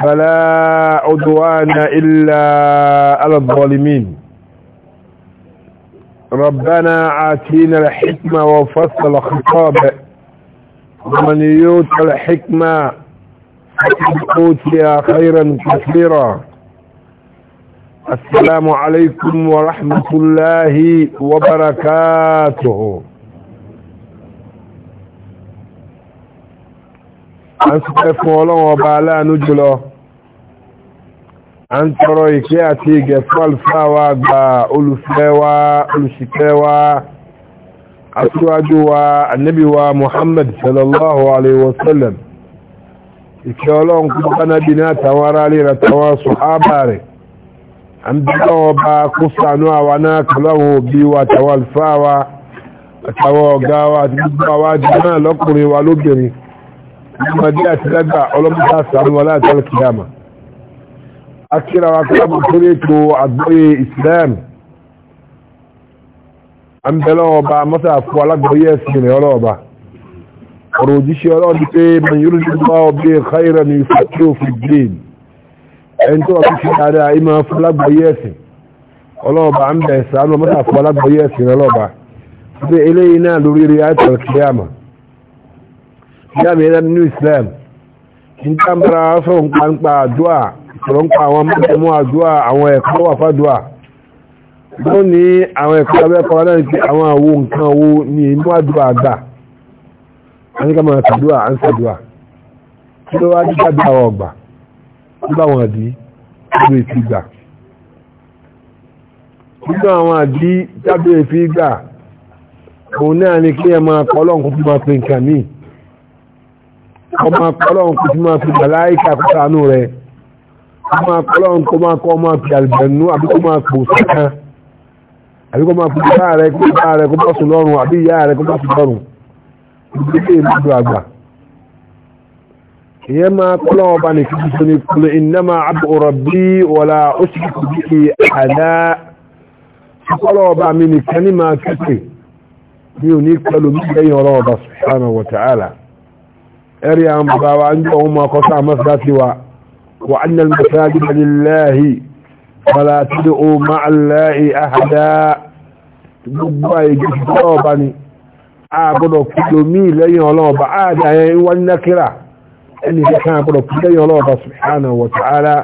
فلا عدوان إلا على الظالمين ربنا آتينا الحكمة وفصل الخطاب ومن يوت الحكمة أوتي خيرا كثيرا السلام عليكم ورحمة الله وبركاته أنسوا أفوا الله وبعلا نجله a ń tọrọ ìkẹ́ àti ìgẹ̀ fún àlùfáà wa gba olùfẹ́ wa olùṣìkẹ́ wa aṣíwájú wa annabi wa muhammad sallallahu alaihi wasallam ìkẹ́ ọlọ́run kú kánábì ní àtàwọn ará lè ràtàwọn sọ̀hábà rẹ̀ a ń bí lọ́wọ́ bá kó sànú àwa náà kọlọ́wọ́ òbí wa àtàwọn àlùfáà wa wa àti gbogbo àwa jùmọ́ lọ́kùnrin wa lóbìnrin ọmọdé àti akíra wa kí a mọ̀ sórí ètò àgbóyé Islam a ń bẹ̀rẹ̀ ọba mọ́sá fún alágbóyé ẹ̀sìn rẹ̀ ọlọ́ọ̀ba ọ̀rọ̀ òjíṣẹ́ ọlọ́ọ̀dí pé man yóò ní bá ọbẹ̀ káyìrà ní ìfàkíò fi green ẹni tó wà fi dáadáa ìmọ̀ fún alágbóyé ẹ̀sìn ọlọ́ọ̀ba a ń bẹ̀ sàánú mọ́sá fún alágbóyé ẹ̀sìn rẹ̀ ọlọ́ọ̀ba eléyìí náà lórí rí àìsàn kíyàmà kíyàmà yẹn nínú Islam kí n fún pàǹpà àdúrà ọ̀rọ̀ ń pa àwọn mọ́tẹ̀mọ́ àdúwà àwọn ẹ̀kọ́ wà fàdúwà ló ní àwọn ẹ̀kọ́ abẹ́kọ́ náà ti àwọn àwo nǹkan owó ní inú àdúwà àgbà àníkàmọ̀ àtàdúwà à ń sàdúwà kí ló wá dídá bí àwọn ọgbà tó bá wọn àdí tó èfi gbà nínú àwọn àdí tábí èfi gbà òun náà ni kí ẹ máa kọ́ lọ́nkún tó máa pe nǹkan míì ọmọ akọ́lọ́nkún tó máa pe màláìkà kó ṣàánú rẹ̀ ọmọ akọ́lọ́run kó máa kọ́ ọmọ àti àlìbẹ̀nú àbí kó máa pò sẹ́kàn àbí kó máa pòjì bá rẹ̀ kó bá rẹ̀ kó bá sùn lọ́rùn àbí ìyá rẹ̀ kó bá sùn lọ́rùn ìdílé ìlú àgbà ìyẹn máa kọ́lọ́run ọba nìkan tuntun ní kulu innama abdu rabbi wala ushriku bihi ahada kọ́lọ́run ọba ní máa kẹ́kẹ́ mi ò ní pẹ̀lú mi lẹ́yìn ọlọ́run ọba subhanahu wa ẹ̀rí àwọn bàbá wa ń jọ وأن المساجد لله فلا تدعوا مع الله أحدا gbogbo ìgbé ṣùgbọ́n ọba ni a gbọ́dọ̀ kúlò mí lẹ́yìn ọlọ́ọba ààdà yẹn wọ́n nákírà ẹni kẹkàn gbọ́dọ̀ kú lẹ́yìn ọlọ́ọba subhanahu wa ta'ala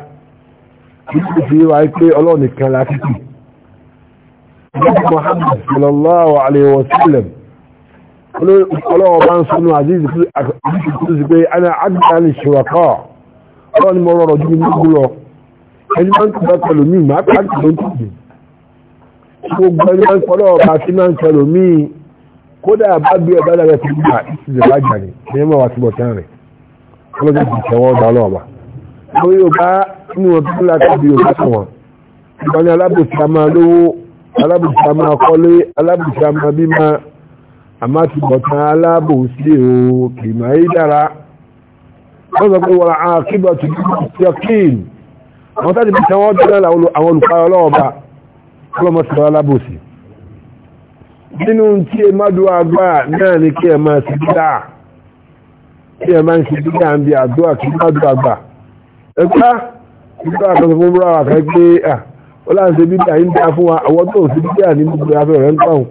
títí fi wá pé ọlọ́nìkan lákìtì gbogbo Muhammad sallallahu alaihi wa sallam ọlọ́ọba ń sọnù aziz kúrò sí pé ana agbára ní ṣùrọ̀kọ́ ọlọ́ni mo rọrọ̀ ju gbogbo lọ ẹni máa ń tẹ̀lé pẹ̀lú mi máa pàdé ló ń tìjì gbogbo ẹni máa ń fọlọ́ ọba sí máa ń tẹ̀lé mi kódà bá gbé ọba dára ti gbà ìsìlẹ̀ bá jà ní ẹni máa wà síbọ̀ tán rẹ̀ ọlọ́dún ti tẹ̀wọ́ ọ̀dà ọlọ́ọ̀bà lórí ọba inú wọn tó láti bí ọba sọ wọn ìgbà alábòsí a máa lówó وذكر والعاقبة للمتقين وتاتي بتواجد الاول اول قالوا ọlọ́mọ sí ọlá bòsí nínú tí ẹ má dúwà àgbà náà ni kí ẹ máa sí dídá kí ẹ máa ń sí dídá ń bí àdúwà kí má dúwà àgbà ẹgbá ìgbà àkọsọ fún búra wà káì pé à ó láà ń ṣe dídá yìí ń dá fún wa àwọn tó ń sí dídá ní gbogbo afẹ́ rẹ̀ ń pàun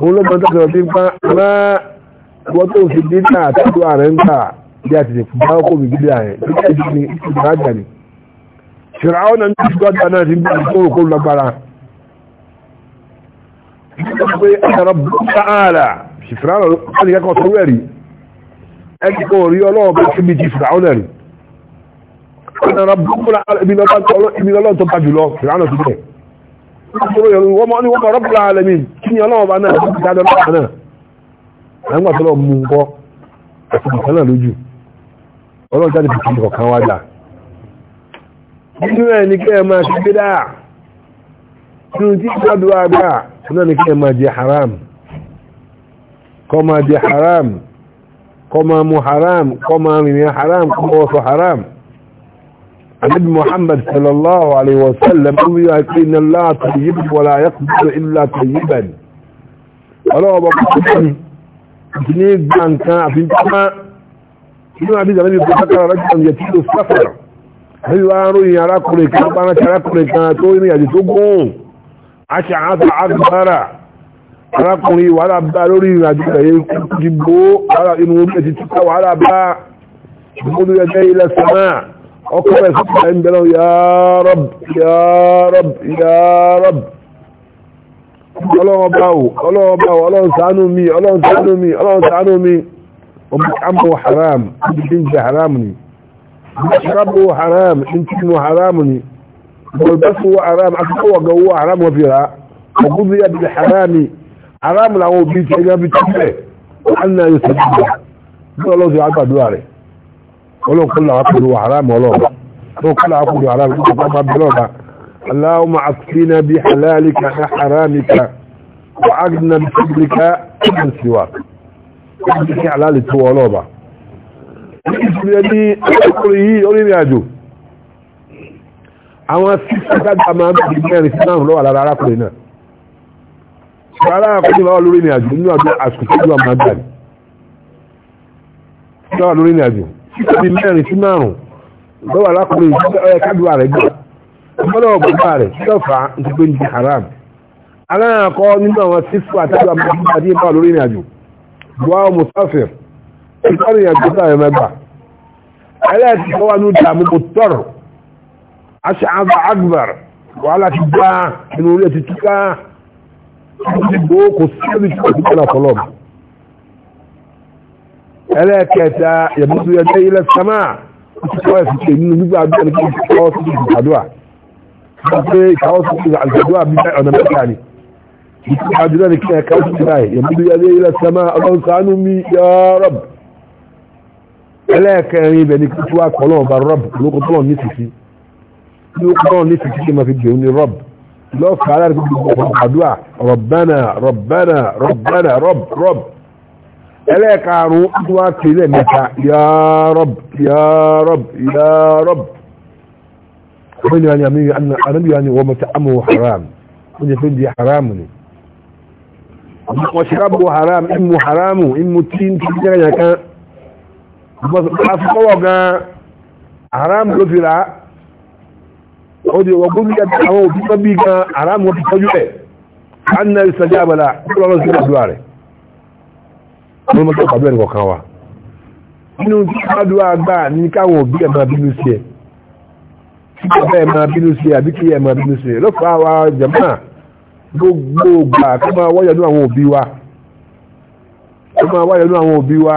òun ló mọ tọ́jọ́ bí ń bí a ti lè fún báwọn kò bí bíbí ààrẹ bí a ti ní ìpínlẹ̀ àjà ni ṣìràwọ̀ náà ní ìṣúgbàdà náà ti ń bí ìṣòro kó lágbára pé àtàrà bàálà ṣìfìràwọ̀ láti kẹ́kọ̀ọ́ tó rẹ̀ rí ẹni kò rí ọlọ́wọ́ bá síbi ti ṣìfìràwọ̀ náà rí àtàrà bàálà ibi lọ́lọ́ tó tó ni ọlọ́wọ́ bá náà ti dáadọ́ náà àwọn àtọ́lọ́ mú un kọ́ ọlọ́run jáde fi kìí kọ̀kan wájà nínú ẹ̀ ní kí ẹ máa ṣe gbé dáa nínú tí ìjọdọ̀ àgbà náà ní kí ẹ máa jẹ haram kọ máa jẹ haram kọ máa mu haram kọ máa rìnrìn haram kọ máa wọ́sọ haram النبي محمد صلى الله عليه وسلم قال إن الله طيب ولا يقبل إلا طيبا ọlọ́wọ́ bọ̀ kọ́ ní gbàǹkan àfihàn nínú àdíjà lẹ́bí bó sákàrà rájìtàn yẹ tí ó sáfàrà lẹ́bí wá ròyìn arákùnrin kan bá rántí arákùnrin kan tó ní àjò tó gùn àṣà àṣà àgbára arákùnrin wàhálà bá lórí ìrìnàjò ẹ̀yẹ ìdìbò wàhálà inú orílẹ̀ ti túká wàhálà bá ìbúdó ẹgbẹ́ ilẹ̀ sàmà ọkọ̀ rẹ̀ sọ́kà ń bẹ̀rẹ̀ yàrọ̀b yàrọ̀b yàrọ̀b ọlọ́run bá wò ọlọ́run bá wò ọlọ́run ṣàánú mi ọlọ́run ṣàánú mi ọlọ́run ṣàánú mi ومطعمه حرام بنج حرامني مشربه حرام انتنه حرامني والبسه حرام أكبر وقوه حرام وفيها وقضي بالحرام حرام له بيت إلى بيتكله وعنا يسجد قال الله سيعطى دواري ولو كل عقل هو حرام ولو لو كل عقل حرام اللهم عصينا بحلالك حرامك وعقدنا بفضلك من سواك láti kí aláàlè tó wọ́n lọ́ọ̀bà ìṣúlẹ̀ ní ọkùnrin yìí orílẹ̀ àjò àwọn sísàgbà máa ń bí mẹ́rin sí márùn lọ́wọ́ lára arákùnrin náà rárá àkójú bá wà lórí ní àjò nínú àjò àsùnkújú àmà gbàdì lọ́wọ́ lórí ní àjò bí mẹ́rin sí márùn lọ́wọ́ arákùnrin yìí kájúwà rẹ̀ gbà ọmọdé ọgbà rẹ̀ tí ó fà á ń ti pé ní haram aláàkọ́ nínú àwọn sísàgbà máa ń bí mẹ́rin sí márùn lórí dùwà musafir ìtọ́rì àjọta ẹ̀mẹ́gbà ẹlẹ́ẹ̀tì tó wà ní ìdàmú kò tọ́rọ̀ aṣááfà akbar wàhálà ti gbá inú orí ẹ̀tì túká ìdìbò kò sẹ́bí tí kò sí kọ́lá fọlọ́ ẹlẹ́ẹ̀kẹta yẹ̀mọ́tò yẹ̀dẹ́ ilẹ̀ sámà ìtìkọ́ ẹ̀sìn tẹ̀ nínú gbígbà àdúrà ní kí ìtìkọ́ sí àdúrà ní kí ẹ káàkiri ti báyìí yẹmúdú yadé ilẹ̀ sẹ́mà ọlọ́run ṣàánú mi yá rọ́b ẹlẹ́ẹ̀kẹrin ibẹ̀ ní kí tí wàá kọ́lọ́ ọba rọ́b olóko tọ́lọ̀ ní sisi tí ó kọ́lọ́ ní sisi kí n máa fi jẹun ní rọ́b lọ́ọ̀ fàálà rẹ̀ kí gbogbo ọ̀pọ̀ àdúrà rọ̀bánà rọ̀bánà rọ̀bánà rọ́b rọ́b ẹlẹ́ẹ̀karùn tí wàá kiri lẹ́ẹ̀mẹ́ta yá rọ́b yá rọ́b yá rọ́b wọ́n ni wọ́n ni wọ́n mọ̀ haram wọ́n ni fún haram ni washrabu haram imu haramu imu tin tin jẹ́rẹ̀ kan afọ́wọ́ gan haram ló fi ra ó di ọgbọ́n ní àwọn òbí tó bí gan haram wọ́n fi tọ́jú ẹ̀ an na ìsànjẹ́ àbàlá lọ́rọ̀ sí àdúrà rẹ̀ wọ́n mọ́ tọ́jú àdúrà nìkan wa nínú tí àdúrà gbà ní káwọn òbí ẹ̀ máa bínú sí ẹ̀ gbogbo ìgbà kó máa wáyọ̀ ní àwọn òbí wa kó máa wáyọ̀ ní àwọn òbí wa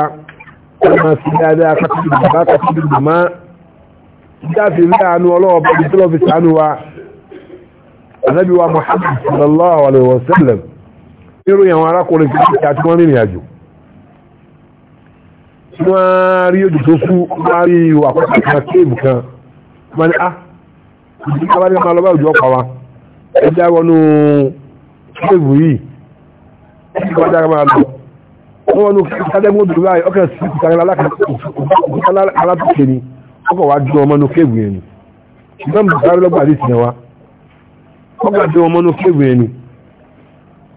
kó máa fi dáadáa kátìlì bàbá kátìlì màmá jáde láàánú ọlọ́ọ̀bá ní tọ́lọ́fì sàánú wa anábí wa Muhammad sallallahu alaihi wasallam nírò àwọn arákùnrin kìí àti wọ́n rìnrìn àjò wọ́n rí ojú tó sú wọ́n rí ìwà pàtàkì kan kéèbù kan wọ́n ni ah ìdíkà bá ní ọmọ ọlọ́bá òjò ọkọ̀ wa ẹjá wọnú ṣéèbù yìí ẹjá dára máa lọ wọ́n wọnú kátẹ́gùn òdùdú láì ọkẹ́ sí ìtàrí alátùkẹ́ ni ọkọ̀ wá jọ ọmọ nú kéèbù yẹn ni ṣùgbọ́n mi sáré lọ́gbà àdìsí yẹn wá ọkọ̀ jọ ọmọ nú kéèbù yẹn ni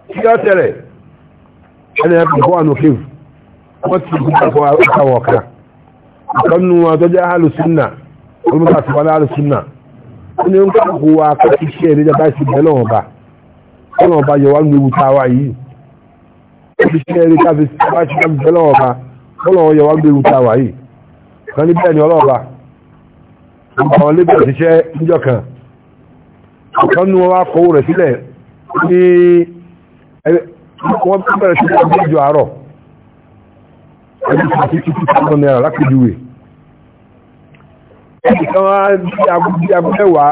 kí á tẹ̀rẹ̀ ẹni ẹ̀kọ́ kọ́ wà nú kéèbù wọ́n ti kú kọ́ ọkọ̀ ọ̀kà ọ̀kan nù wọn tó jẹ́ àhàlùsùnà olùmọ́ta ti wọlé àhàlùsùnà ó ní ń kọ́kọ́ wa kọ́ iṣẹ́ ìrẹ́jà bá ṣe bẹ́ẹ̀ náà bá ọ̀nà ọba yọ wá ń gbéwu ta wa yìí ó fi ṣe eré káfí bá ṣe bẹ́ẹ̀ náà bá ọ̀nà ọba yọ wá ń gbéwu ta wa yìí kan níbẹ̀ ni ọlọ́ọ̀ba àwọn lébẹ̀ ṣiṣẹ́ níjọ kan kan ní wá kọ́wó rẹ̀ sílẹ̀ ní wọ́n bẹ̀rẹ̀ ṣe ìjọ àárọ̀ ẹgbẹ́ ẹnìkan wá bí agbẹ́wà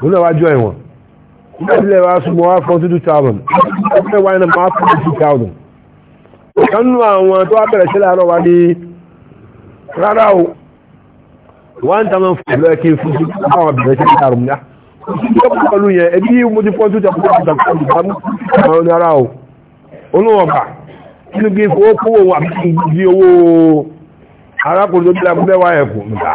òun náà wá jọ ẹ̀wọ̀n nígbà tí lẹ́wà súnmọ́ wá fún two thousand agbẹ́wà yẹn máa fún two thousand ọ̀kan nínú àwọn tó wá bẹ̀rẹ̀ sí láàárọ̀ wá ní rárá o one thousand five lọ́yẹ̀ kí n fún two thousand àwọn bẹ̀rẹ̀ sí láàárọ̀ múlá ìjọba pẹ̀lú yẹn ẹbí mo ti fún two thousand five rárá o olóòwọ̀gbà inú kí n fowó kówó wà bí owó arákùnrin tó bí lábúlẹ́wà ẹ̀kùn nígbà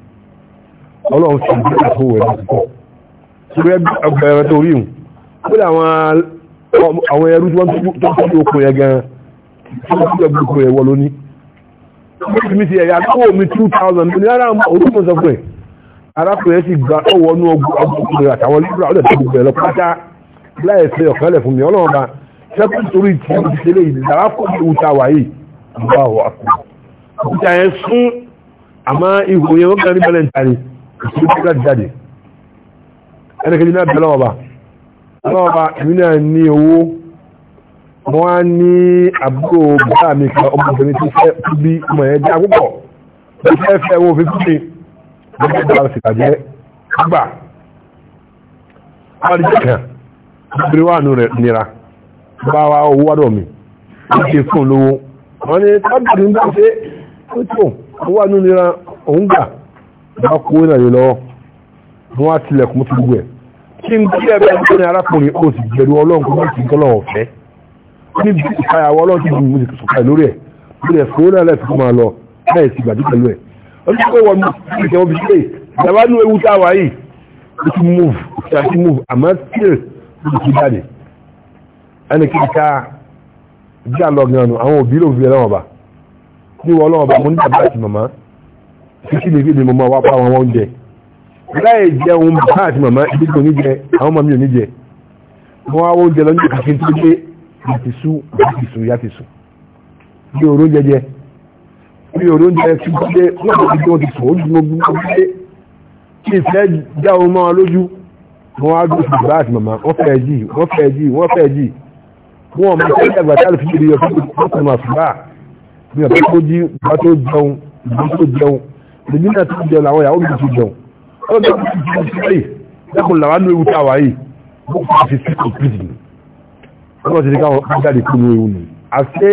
ọlọ́run fi ìdí àfọwọ́ ẹ̀ láti kọ́ ṣùgbọ́n ẹgbẹ̀rẹ̀ tó rí hùn kódà àwọn ẹrú tí wọ́n tó tọ́jú okùn yẹn gan tí wọ́n tọ́jú okùn yẹn wọ lóní. wọ́n mi ti ẹ̀yà kó mi two thousand ní ara orúkọ sọ pé arákùnrin sì gba ọwọ́ nú ọgbọ̀n rẹ̀ àtàwọn libra ọ̀dọ̀ tó gbogbo ẹ̀ lọ pátá láì fẹ́ ọ̀kẹ́lẹ̀ fún mi ọlọ́run bá sẹ́kùn torí tí wọ́n ti ṣe lé ìdí dára kó mi wúta wáyé àbúrò àwọn àkùnrin. òkúta yẹn sún àmọ́ ihò yẹn wọ́n kàn rí bẹ́lẹ̀ ń ta ni kí wọ́n gbà jáde ẹni kejì náà bẹ̀rẹ̀ ọba ọlọ́ọ̀ba èmi náà ní owó wọ́n á ní àbúrò bàbá mi kan ọmọbìnrin tí fẹ́ bí ọmọ yẹn já púpọ̀ bí fẹ́ fẹ́ wọn fi fún mi wọ́n fẹ́ bá ṣèkà jẹ́ gbà wọ́n á jẹ́ kàn obìnrin wà nù rẹ̀ nira bá wa owó wádọ̀ mi wọ́n ṣe fún lówó wọ́n ní tábìlì ń bá ṣe ó tó owó wà nù nira òun gbà bá kó náà lè lọ́wọ́ wọ́n á tilẹ̀kùn mú ti gbogbo ẹ̀ kí n bí ẹgbẹ́ ẹgbẹ́ ní arákùnrin ó sì jẹ́rú ọlọ́run kó má ti tọ́lọ̀ ọ̀fẹ́ ní bí ìfàyàwó ọlọ́run ti dùn ti sọ̀kà lórí ẹ̀ bí ẹ̀ fún náà lẹ́sìn máa lọ láì sì gbàdí pẹ̀lú ẹ̀ ó ti pé wọn mú ìṣẹ́ wọn fi ṣe ìjàmbá nú ewu tá a wà yìí ó ti move ó ti àti move àmọ́ still ó ti ti jáde ẹni kí ká bí àlọ́ gan-an àwọn òbí ló fi ẹ̀ lọ́wọ́ bá ní wọ́n lọ́wọ́ bá mo ní títí lè fi mọ̀mọ́ wá pa àwọn oúnjẹ láì jẹ ohun bàbá àti màmá ibi kò ní jẹ àwọn màmí ò ní jẹ wọ́n á oúnjẹ lọ́jọ́ kàkí tó dé láti sú láti sú yá ti sùn bí òró jẹjẹ bí òró jẹ ti dé wọ́n ti dé wọ́n ti sùn ó dùn ó gbogbo dé kí ìfẹ́ já ohun mọ́ wọn lójú wọ́n á dùn sí bàbá àti màmá wọ́n fẹ́ jì wọ́n fẹ́ jì wọ́n fẹ́ jì wọ́n mọ̀ sí ẹgbẹ̀ tá lè fi kiri yọ fún ọkùnrin àfúrà bí ọ̀pẹ́ lèmi náà ti jẹun àwọn ìyàwó mi ti jẹun ọlọ́dọ̀ mi ti jẹun sí báyìí lẹ́kùn làwọn àánú ewu táwa yìí bó kù fi sí kọ̀pìtì ni ọlọ́dọ̀ ti ní káwọn jáde kúrò ewu ni àṣé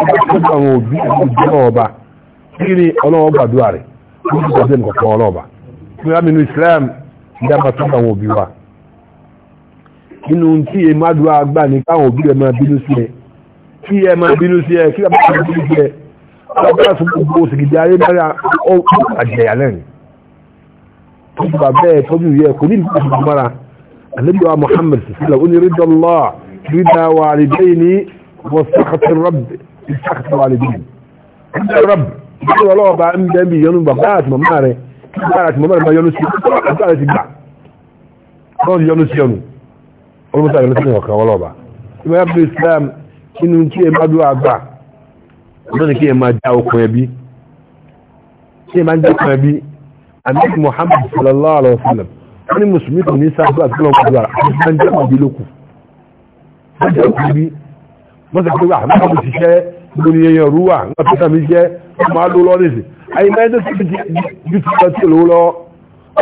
ọba tó bá àwọn òbí ẹ̀kọ́ jẹ́ ọba kí ni ọlọ́wọ́ gbàdúrà rẹ̀ ó ti gbàdúrà nìkan kan ọlọ́ọ̀ba nígbà mi nu Islam ìyá máa tó bá àwọn òbí wa nínú tí èèmọ̀ àdúrà gbà ní káwọn òbí rẹ̀ máa bínú sí ẹ kí ẹ máa bínú sí ẹ kí ẹ máa bínú sí ẹ ọgbà tó gbogbo òsìgìdì ayé dára àjẹyà lẹ́rìn tó bá bẹ́ẹ̀ tọ́jú yẹ kò ní ìlú mara alẹ́bíwá Muhammad sísílẹ̀ ó ní rídọ́lá rídà wà lèdè ní wọ́sàkàtà rabbi ìsàkàtà wà lèdè rídà rabbi ìgbà lọ́wọ́ bá ń bẹ́ẹ̀ bí yọnu bàbá àti màmá rẹ̀ bàbá àti màmá rẹ̀ bá yọnu sí ọ̀tá ìmọ̀ yàtọ̀ Islam inú tí ẹ bá dúró àgbà náà ni kí ẹ máa já okùn ẹbí kí ẹ máa já okùn ẹbí amẹ́kì Muhammad sallallahu alaihi wasallam wọ́n ní mùsùlùmí kò ní sáà gbà sílọ̀ kùdù àrà àti máa já okùn ẹbí lókù wọ́n já okùn ẹbí wọ́n sọ pé wà máa bù ṣiṣẹ́ lórí ẹyàn rúwà wọ́n fi sàmì jẹ́ wọ́n máa lò lọ́rẹ̀ sí àyè máa jẹ́ síbi ju ti lọ sí olówó lọ́wọ́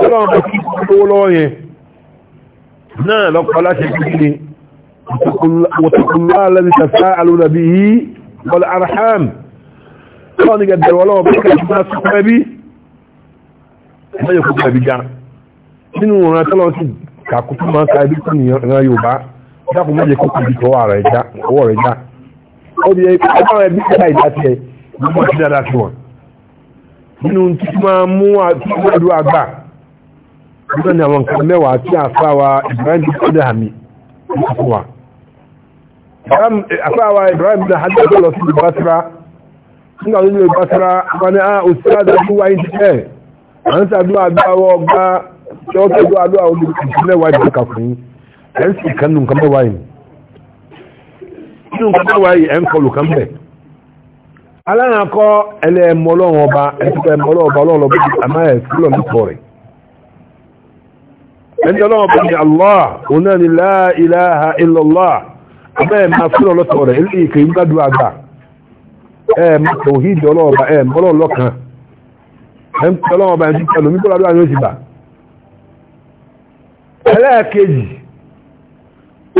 ọlọ́run bá kí olówó lọ́wọ́ yẹn náà lọ́kọ́ láti ṣe kí ni wọ́n ti kú lọ́wọ́ wal arham kọ́ ní gẹ̀dẹ̀ wọ́n lọ́wọ́ bẹ́ẹ̀ kí wọ́n sọ ẹbí wọ́n yẹ kó ẹbí já nínú wọn tọ́lọ́ sí kàkó tó máa ń ka ẹbí tó ní ìran yorùbá dákun mọ́jẹ kó kùbí tó wà rẹ̀ já ọwọ́ rẹ̀ já ó di ẹgbẹ́ ẹbí ká ìdá tiẹ̀ gbogbo ti dáadáa sí wọn nínú tí máa mú àdúrà gbà nígbà ní àwọn nǹkan mẹ́wàá tí àfáwa Ibrahim tó dẹ̀ hàmì ní afáwa ibrahim bin hajj lọ ha ìlú basra nígbà tó nílò basra wọn ni ah, a òsínlẹ̀ àdúrà yìí ti tẹ̀ à ń sàdúrà àdúràwọ̀ ọgbà ṣọ́ọ̀tì àdúrà àdúrà òní ìpínlẹ̀ wáyé bí kà fún yín ẹ̀ ń sì kan nù nǹkan mẹ́wàá ọba ọba ọba ọba bẹ́ẹ̀ máa fún ọlọ́tọ̀ rẹ̀ ilé ìkè ń gbádùn àgbà ẹ̀ máa tò hídì ọlọ́ọ̀bà ẹ̀ mọ́lọ́ lọ́kàn ẹ̀ ń pẹ́ ọlọ́ọ̀bà ẹ̀ ń pẹ́ lómi kọ́lá lóyún òsì bà ẹlẹ́ẹ̀kejì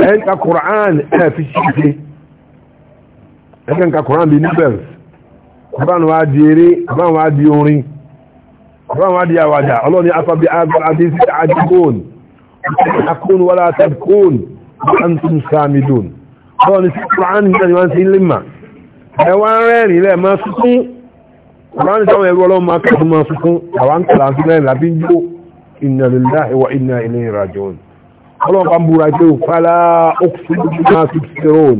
ẹ̀ ń ka Quran ẹ̀ fi ṣíṣe ẹ̀ ń ka Quran bíi nibels Quran wa di eré Quran wa di orin Quran wa di àwàdà ọlọ́ni afabi agbára àti ìsìn àdìgbòn akún wọlé àtẹkùn antum samidun bọ́ọ̀lù sí kùránì tẹ́lẹ̀ wọ́n sí lima ẹwà rẹ̀rìn ilẹ̀ máa sunkún kùránì táwọn ẹgbẹ́ ọlọ́run máa kàtún máa sunkún àwọn ń kàlà sí lẹ́yìn lábí jó inna lillahi wa inna ilayhi raji'un ọlọ́run kan búra pé fala uqsimu bima tubsirun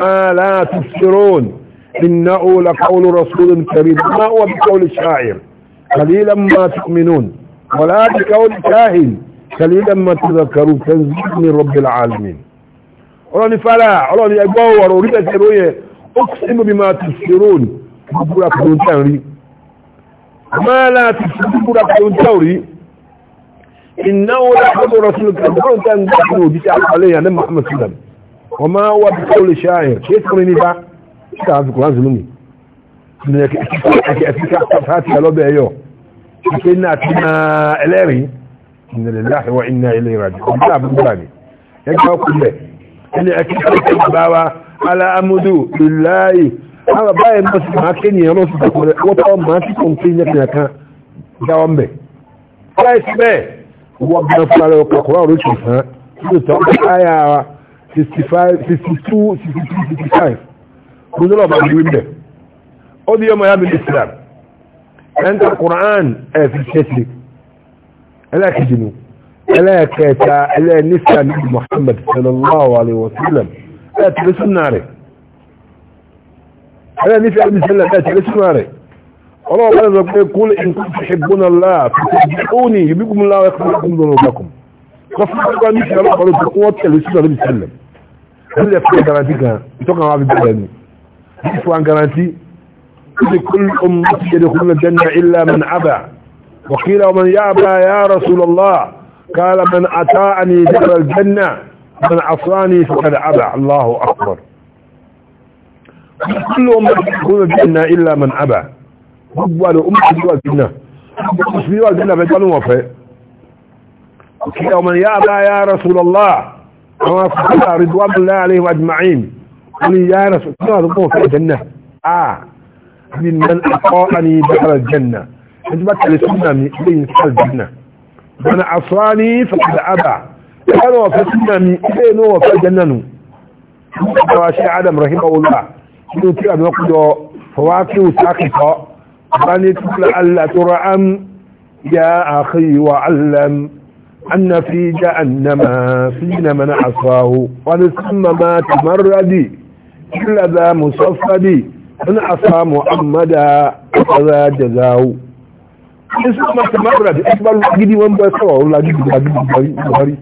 ma la tubsirun innahu laqawlu rasulin karim ma huwa biqawli sha'ir ọlọ́ni fara ọlọ́ni ẹgbọ́ ọ̀rọ̀ orílẹ̀-èdè ló yẹ ó kú sí ibi máa ti ṣòro ní búra kò ń tẹ̀ rí máa láti ṣe búra kò ń tẹ̀ rí ìnáwó lápapọ̀ rọ̀ sínú kẹ̀kọ́ ń tẹ̀ ń gbà sínú òbí tí a kọ́ lẹ́yìn àdé Muhammad sallam wọ́n máa wá bí kó lè ṣe ààyè kí é sọ̀rọ̀ nípa ẹgbẹ́ ọkùnrin ẹni akẹ́kọ̀ọ́ bá wa aláàmúdù ìláyì àwọn báyìí náà sì máa kí nìyàn lọ́sùn tó kọ̀rẹ́ wọ́n tọ́ máa ti kùn kí nìyàn kan jáwọ́ mẹ́ láì sí bẹ́ẹ̀ wọ́n gbọ́n fún ara ọkọ̀ kọ̀rọ̀ orí kì sàn nínú tó káyà 62-63-65 gbogbo náà máa gbé mẹ́ ó di ọmọ yàmi Islam ẹ̀ńtà Quran ẹ̀ fi ṣẹ́ṣe ẹlẹ́kìjì nù ألا عليك تعالى نسأل محمد صلى الله عليه وسلم لا تبس ألا لا نبي صلى الله لا تبس الناري الله قال يقول إن كنت تحبون الله فتبعوني يبقوا الله ويقفوا ذنوبكم ذنوبكم فصلوا نسأل الله قالوا تقوى تلو سنة ربي سلم هل يفعل جرانتيك يتوقع عبي بلاني يفعل جرانتي لكل أمة يدخلون الجنة إلا من عبع وقيل ومن يعبى يا رسول الله قال من أتاني دخل الجنة من عصاني فقد أبى الله أكبر كل أمة تدخل الجنة إلا من أبى أول أمة تدخل الجنة مسلمين الجنة بيتقالوا وفاء ومن يأبى يا رسول الله فقال رضوان الله عليهم أجمعين قال يا رسول الله تدخل في الجنة آه من من أطاعني دخل الجنة أجبت لسنة من الجنة من عصاني فقد أبى أنا وفاتنا من إلينا وفاتنا وشي عدم رحمه الله إنه كلا بنقض فواكه وساقطة بنت لألا ترعم يا أخي وعلم أن في جهنم فينا من عصاه ونسم ما تمردي كل ذا مصفدي من عصى محمدا فذا جزاه ẹsẹ̀ ọmọ kẹmàkùrà tí ẹgbẹ́ lagidi wọn bẹ sọ̀rọ̀ ọ̀rọ̀ lagidi lagidi buhari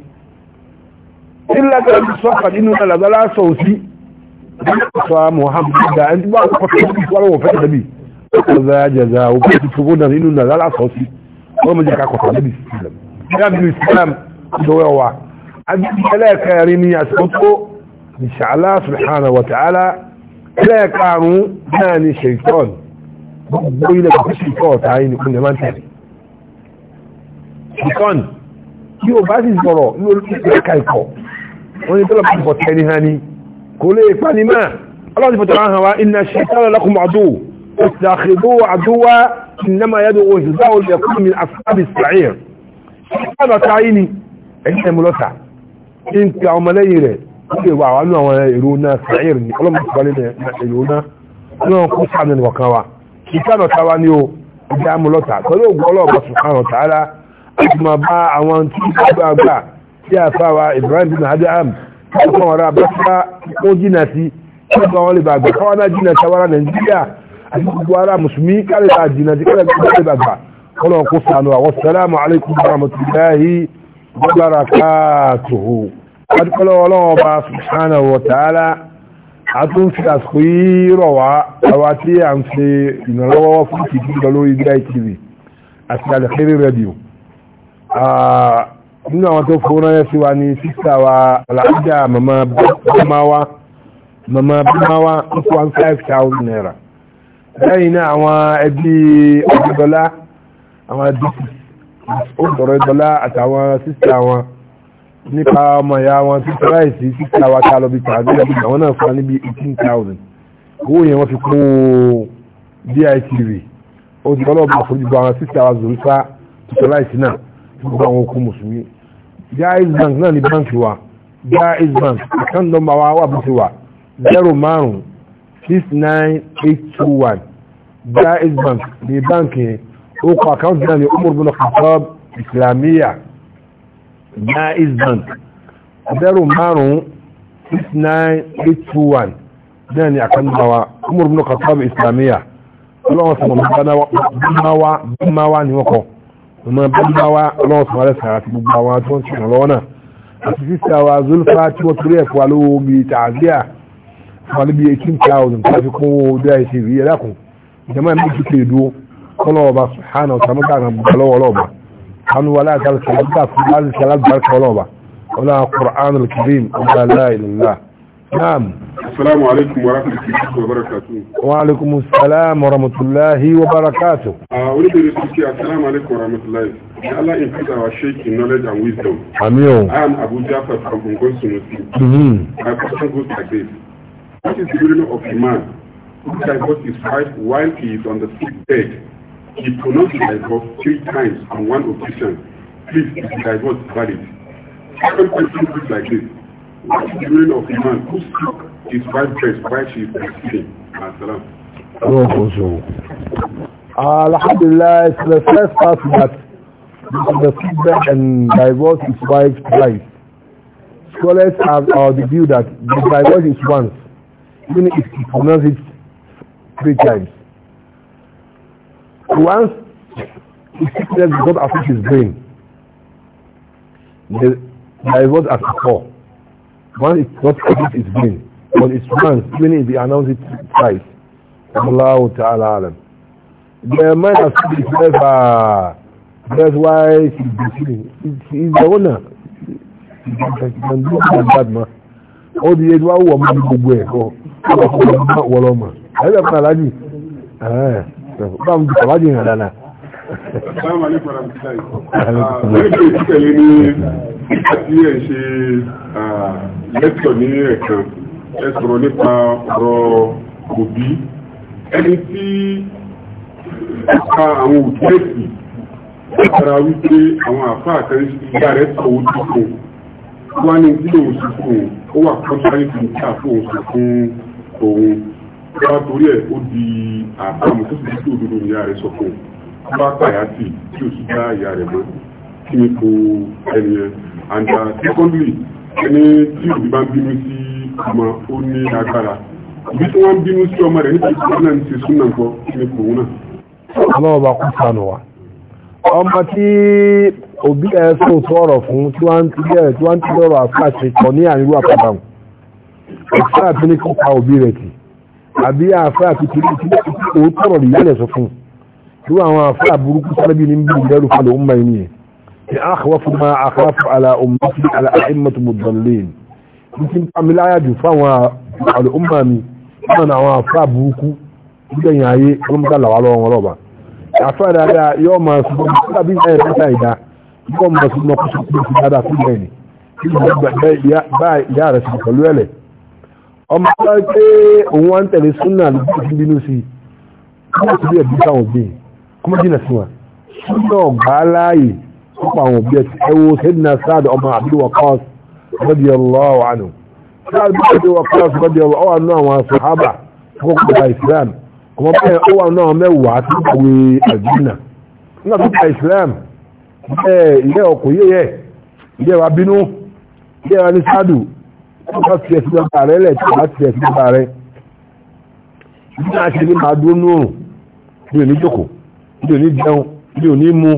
ìlàgbà sọ́kà nínú alàgbàlá sọ òsì sọ muhammadu da ẹni tí wọ́n kọ́ tó kí wọ́n wọ́n fẹ́ tẹ̀lé ọ̀zá jẹ̀zá òkú ti tó gbọ́dọ̀ nínú alàgbàlá sọ òsì wọ́n mọ̀ jẹ́ ká kọ̀tà níbi islam yá bí islam ìdọ̀wẹ́ wa ẹlẹ́ẹ̀kẹrin ni àsìkò insha subhanahu wa ta'ala ẹlẹ́ẹ̀karùn-ún náà ni shaitan gbogbo ilẹ̀ kò sí ikọ̀ ọ̀tá yìí nìkan lè máa ń tẹ̀lé ṣìkan bí o bá sì sọ̀rọ̀ ní olùkọ́ ẹ̀ka ikọ̀ wọ́n ni ẹ̀yìn ẹ̀mú lọ́ta àwọn àwọn èrò náà sàáyẹ̀ ni ọlọ́run ti wọlé náà ní wọn sáà nínú ọ̀kan wa ìkànnà tàwa ni o ìjà amúlọ́ta pẹ̀lú ògùn ọlọ́ọ̀bọ̀ sùkànnà tààrà àti máa bá àwọn tí gbàgbà tí a fáwa Ibrahim bin Adham ọkọ̀ ọ̀rọ̀ abẹ́fà ó jìnà sí ọgbà wọn lè bàgbà káwọn náà jìnà sáwárà Nàìjíríà àti gbogbo ara mùsùlùmí kárẹ̀ bá jìnà sí kárẹ̀ gbogbo lè bàgbà kọ́nà kó sànù àwọn sàlámù alaykum warahmatullahi wabarakatuhu adúpẹ́lẹ́ ọlọ́wọ́ subhanahu wa ta'ala a tún fi àsìkò yìí rọ̀ wá àwa tí a ń ṣe ìrànlọ́wọ́ fún ìdí lọ lórí BGI TV àti àlẹ́kẹ́rì rẹ́díò nínú àwọn tó fowó ránṣẹ́ sí wa ní sísá wa aláàjà màmá bímáwá màmá bímáwá ń fún five thousand naira lẹ́yìn náà àwọn ẹbí ọ̀dọ́dọ́lá àwọn dókítà ọ̀dọ́dọ́lá àtàwọn sísá wọn nípa ọmọ ìyá wọn tí tíráìsì títà wa ta lọ bí tàbí ẹbí àwọn náà fún wa níbi eighteen thousand owó yẹn wọ́n fi kó DITV ó ti bọ́lọ́ bá fojú bọ́ àwọn títà wa zòlúfà tíráìsì náà tí gbogbo àwọn okùn mùsùlùmí Jaiz Bank náà ní báńkì wa Jaiz Bank account number wa wà bùsùn wa zero márùn six nine eight two one Jaiz Bank ní báńkì yẹn ó kọ account náà ní Umar bin Khattab Islamiyah. Jaiz Bank zero márùn-ún six nine eight two one náà ni àkànnàwá Umar bin Khattab Islamiyya ọlọ́wọ́n sọ̀rọ̀ bímáwá bímáwá ni wọ́n kọ́ ọmọ bímáwá ọlọ́wọ́n sọ̀rọ̀ alẹ́ sàrà àti gbogbo àwọn tó ń sọ̀rọ̀ lọ́wọ́ náà àti sísá wa Zulfa tí wọ́n torí ẹ̀fọ́ alówó mi tààzíà fún alẹ́ bíi eighteen thousand láti kún owó dá hannu wala ta alkalanta fi alkalar barka wala ba wala ƙur'an alkarim wala la'ilalla na'am assalamu alaikum wa rahmatullahi wa barakatu wa alaikum assalam wa rahmatullahi wa barakatu a wani da yake assalamu alaikum wa rahmatullahi ya Allah in fita wa shaking knowledge and wisdom amiyo i am abu jafar from bungon sunusi mm-hmm. my question goes like this what is the meaning of a man who divorces his wife while he is on the sick bed He pronounced the divorce three times on one occasion. Please, is the divorce valid? Second question looks like this. What is the meaning of a man who took his wife dress while she is breastfeeding? As-salam. Oh, Alhamdulillah, it's the first part that the feedback and divorce his wife twice. Scholars have uh, the view that the divorce is once, even if he pronounces it three times. Once the sickness does not affect his brain, the divert as before. Once it not affect his brain, but it's once, even if they announce it twice. Allah Ta'ala Alam. The mind has to be clever. That's why she's deceiving. She's the owner. She can do that, man. ó di ẹjọ́ àwọ̀ ọmọ gbogbo ẹ̀kọ́ ọmọ ọmọ wọlọ́mọ ẹ̀rọ fún aláàjì báwo ju kọ̀wájú yẹn dáná. Báwo ni kò rà mí sílẹ̀ yìí? Lórí bí èsì tẹ̀lé ní àti ẹ̀ ọ̀rọ̀ òbí ẹni tí ka àwọn òbí ẹ̀sì wípé àwọn àfáà kan ìyá rẹ̀ sọ owó tó fún wá ní ìdílé òun ó wà kọ́ńtà ìdílé tí àfọ̀ òun sọ fún òun bá torí ẹ̀ ó di àbámu tó sì tó òdodo ìyá rẹ̀ sọ fún un bá pàyà sí tí ó sì dá ìyá rẹ̀ mọ́ kí ni kò ẹni yẹn and uh, secondly ẹni tí òbí bá ń bínú sí ọmọ ó ní agbára ìbí tí wọ́n ń bínú sí ọmọ rẹ̀ nípa ìgbà náà ń ṣe súnà nǹkan kí ni kò wúnà. ọlọ́wọ́ bá kú sànù wa ọmọ tí òbí ẹ sóòtọ́ ọ̀rọ̀ fún tí wọ́n ń tilẹ̀ tí wọ́n ń tilẹ̀ ọ̀rọ̀ àfáàṣe kọ ní àbí àfẹ́ àti kìrì tí ó tọ̀rọ̀ lè yálẹ̀ sọ fún tí àwọn àfẹ́ àbúrúkú sárábí ní bí ìdẹ́rù fún àwọn ọmọdé yìí ni a kọwọ́ fún ma a kọwọ́ fún ala ummati ala a'immatu mudallin ní tí pàmíláyà jù fún àwọn al'umma mi wọn àwọn àfẹ́ àbúrúkú gbẹ̀yìn ayé ọlọ́mọdé làwà lọ́wọ́ wọn ọmọ ọmọ pé òun wá ń tẹ̀lé súnà lójú bínú sí kọ́mọ̀ sí bí ẹ̀bí sáwọn òbí kọ́mọ̀ jìnà sí wọn súnà ọ̀gbà láàyè púpọ̀ àwọn òbí ẹ̀tì ẹwọ sẹ́dínà sáàdì ọmọ Abdul Waqas radiyallahu anhu sáàdì Abdul Waqas radiyallahu ọwà náà àwọn sàhábà kọ́kọ́ gba Islam ọmọ bẹ́ẹ̀ ọwà náà mẹ́wàá tó kọ̀wé àjínà nígbà tó gba Islam bẹ́ẹ̀ ilé ọkọ̀ yẹ́yẹ́ ilé wa bínú ilé wa ní sáàdù ọba fi ẹ̀sìn bàbá rẹ̀ lẹ̀ tí ọba fi ẹ̀sìn bàbá rẹ̀ nígbà tí ní máa dúró nù mi ò ní jòkó mi ò ní jẹun mi ò ní mu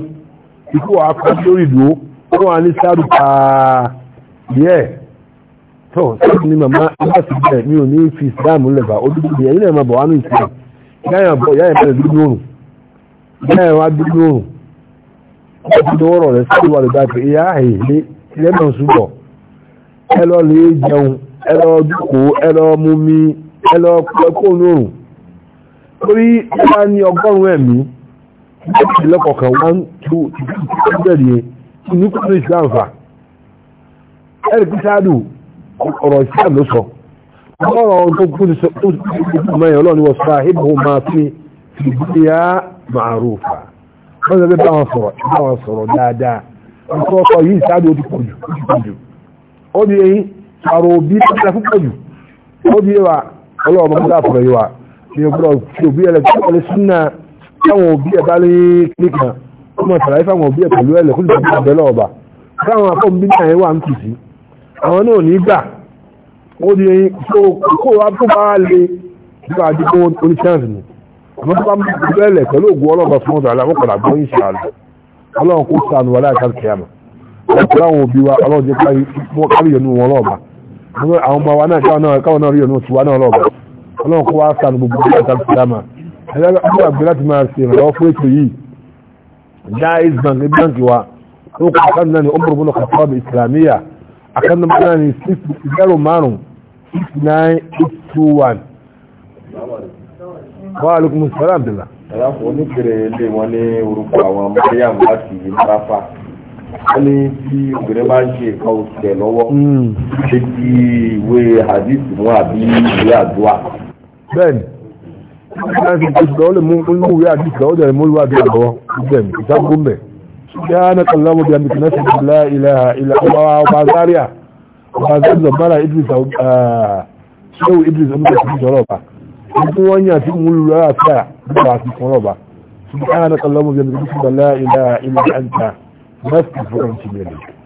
ikú wa kọ́ lórí ìdúró wọ́n wà ní sáàdù pààyẹ́ tó sáàdù ní màmá ọba sì bẹ̀rẹ̀ mi ò ní fi ìsìláàmù lẹ̀bà ojúbí ìyẹn nílẹ̀ máa bọ̀ wá ní ìsìláàmù yáyà bọ̀ yáyà bẹ̀rẹ̀ dúró nù yáyà wá dúró nù ọba ti dọwọ́rọ̀ rẹ̀ sáàdù wà lọ́dà ẹ lọ lè jẹun ẹ lọ jókòó ẹ lọ mú mi ẹ lọ pẹ́kọ́ lóòrùn torí ẹ bá ní ọgọ́rùn-ún ẹ̀mí méjì lọ́kọ̀ọ̀kan one two three hundred yẹn ní kúrò islam fà ẹ̀rì kí sáàdù ọ̀rọ̀ islam ló sọ ọ̀rọ̀ tó kú ní sọ mẹ́yìn ọlọ́ni wọ́n sọ àhíbò máa fi fìdíyà ma'rufa wọ́n sọ pé báwọn sọ̀rọ̀ dáadáa nǹkan ọkọ̀ yìí sáàdù ó ti pọ̀ jù ó di eyín àrò òbí tẹ́lẹ̀ fún pọ̀jù ó di ewa ọlọ́ọ̀bọ mú dáàfọ̀rọ̀ yìí wa ní ọgbọ́dọ̀ fi òbí ẹ̀rẹ̀ tí wọ́n lè súnà táwọn òbí ẹ̀ bá lé kílì kan ó mọ̀ sàlàyé fáwọn òbí ẹ̀ pẹ̀lú ẹ̀lẹ̀ kó lè bá bẹ́ẹ̀ lọ́ọ̀bà táwọn akọ́ bí náà wà ń tù sí àwọn náà ní gbà ó di eyín kó wa tó bá lé nípa àdìgbò oníṣẹ́ǹsì ni àmọ́ tó bá ọ̀pọ̀ àwọn òbí wa ọlọ́ọ̀dẹ́ kárí yọnu wọn lọ́ọ̀bà àwọn ọmọ wa náà káwọn náà rí yọnu tiwa náà lọ́ọ̀bà ọlọ́run kó wá sàn gbogbo ìgbà sáàmà ẹgbẹ́ àgbẹ̀ láti máa ṣe ìrànlọ́wọ́ fún ètò yìí jaiz bank ní báńkì wa ó kọ́ àkànnì náà ní ọmọ òbúnà kàtàbí islamiyya àkànnì náà ní zero márùn six nine eight two one. wa alaikum salaam bila. ẹ̀yà fún oníkèrè ilé wọn ní orúkọ àwọn mọ́ríyàm láti ìlú ẹni tí obìnrin bá ń ṣe nǹkan oṣù rẹ̀ lọ́wọ́ ṣe ti ìwé hadith mú àbí ìwé àdúrà. bẹ́ẹ̀ni láti ṣe ìṣòro lè mú ìwé hadith lọ́wọ́ jẹ́ mú ìwé àdúrà lọ́wọ́ bẹ́ẹ̀ni ìṣàkóso mẹ́. سبحانك اللهم وبحمدك نشهد لا اله الا انت وبازاريا وبازار زبالا ادريس او شو ادريس امك في جلوبا وان ياتي مولى لا تا سبحانك اللهم وبحمدك نشهد لا اله الا انت Настя, фронте,